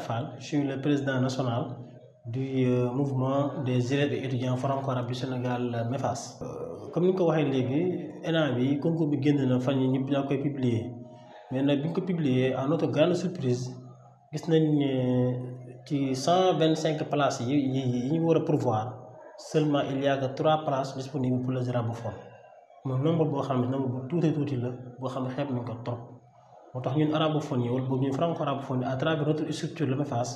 Fall, je suis le président national du euh, mouvement des élèves et étudiants franco-arabes du Sénégal euh, MEFAS. Euh, comme ni nga ko le bi concours bi génn na publié, publier mais il bi publié à notre grande surprise gis nañ ci 125 places yi yi yi seulement il y a que trois places disponibles pour les arabophones moom nombre de ne nombre de tous les la boo xam ne trop motax ñun arabophone yi wala boobu ñun franco arabophone à travers notre structure LEMEFAS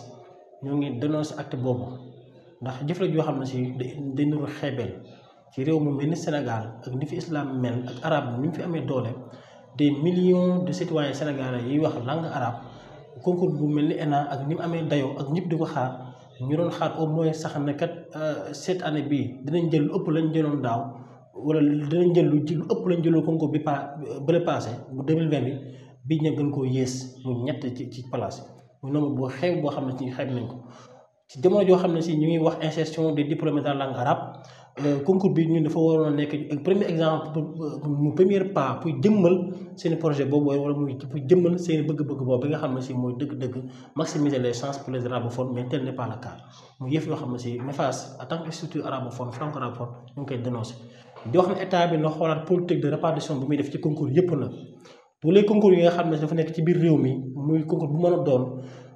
ñoo ngi dénonce acte boobu ndax jëf la joo xam ne si day nuru xeebeel ci réew mu mel ni Sénégal ak ni fi islam mel ak arab ni mu fi amee doole des millions de citoyens sénégalais yi wax langue arabe concours bu mel ni ENA ak ni mu amee dayo ak ñëpp di ko xaar ñu doon xaar au moins sax ne kat euh, cette année bii dinañ jël lu ëpp lañ jëloon daaw wala dinañ jël lu ëpp lañ jëloo concours bi pa bële passé bu 2020 bi bi ña gën koo yées muy ñett ci ci place muy nombre boo xew boo xam ne ci xeeb nañ ko ci jamono joo xam ne si ñu ngi wax insertion de diplômés dans la langue arabe euh, concours bi ñun dafa waroon nekk euh, premier exemple euh, mu premier pas pour jëmmal seen projet boobu wala muy pour jëmmal seen bëgg-bëgg boobu bi nga xam ne si mooy dëgg-dëgg maximiser les chances pour les arabophones mais tel n'est pas le cas mu yëf yoo xam ne si MEEFAS en tant que structure arabophone franco-arabophone ñu ngi koy dénoncer di wax ne état bi na xoolaat politique de répartition bi muy def ci concours yëpp na tous les concours yi nga xam ne dafa nekk ci biir réew mi muy concours bu mën a doon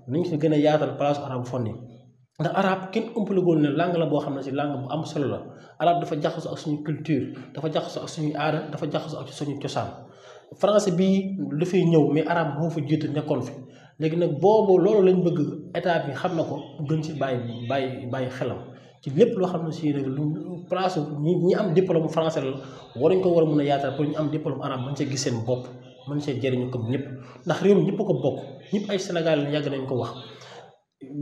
nañ si gën a yaatal place arabophone yi ndax arab kenn ëmpalegóol ne langue la boo xam ne si langue bu am solo la arab dafa jaxasoo suñu culture dafa jaxasoo suñu aada dafa jaxasoo ak suñu cosaan français bii dafay ñëw mais arab moo fa jiitu nekkoon fi léegi nag boobu loolu lañ bëgg état bi xam na ko gën ci bàyyi bàyyi bàyyi xelam ci lépp loo xam ne si nag lu place ñi ñi am diplôme français la war nañ ko war a mën a yaatal pour ñu am diplôme arabe bañ ca gis seen bopp man see jëriñu comme ñëpp ndax réew mi ñëpp ko bokk ñëpp ay Sénégal lañ yàgg nañ ko wax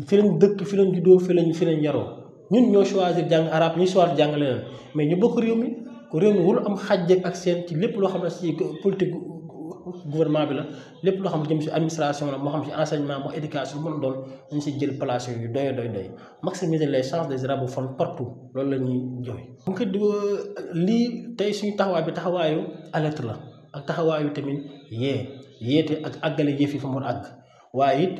fi lañ dëkk fi lañ juddoo fi lañ fi lañ yaroo ñun ñoo choisir jàng arabe ñuy choisir jàng leneen mais ñu bokk réew mi ko réew mi wul am xàjj ak seen ci lépp loo xam ne si politique gouvernement bi la lépp loo xam ne jëm si administration la moo xam si enseignement moo éducation mën a doon dañ si jël place yu doy doy doy maximiser les chances des arabophones partout loolu la ñuy joxe. bu ko lii tey suñu taxawaay bi taxawaayu alerte la. ak taxawaayu tamit yee yeete ak àggale jëf yi fa mu war àgg waaye it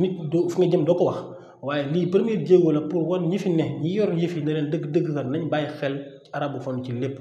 nit do fu nga jëm doo ko wax waaye lii premier jéego la pour wan ñi fi ne ñi yor yëf yi ne leen dëgg-dëgg nañ bàyyi xel ci arabophone ci lépp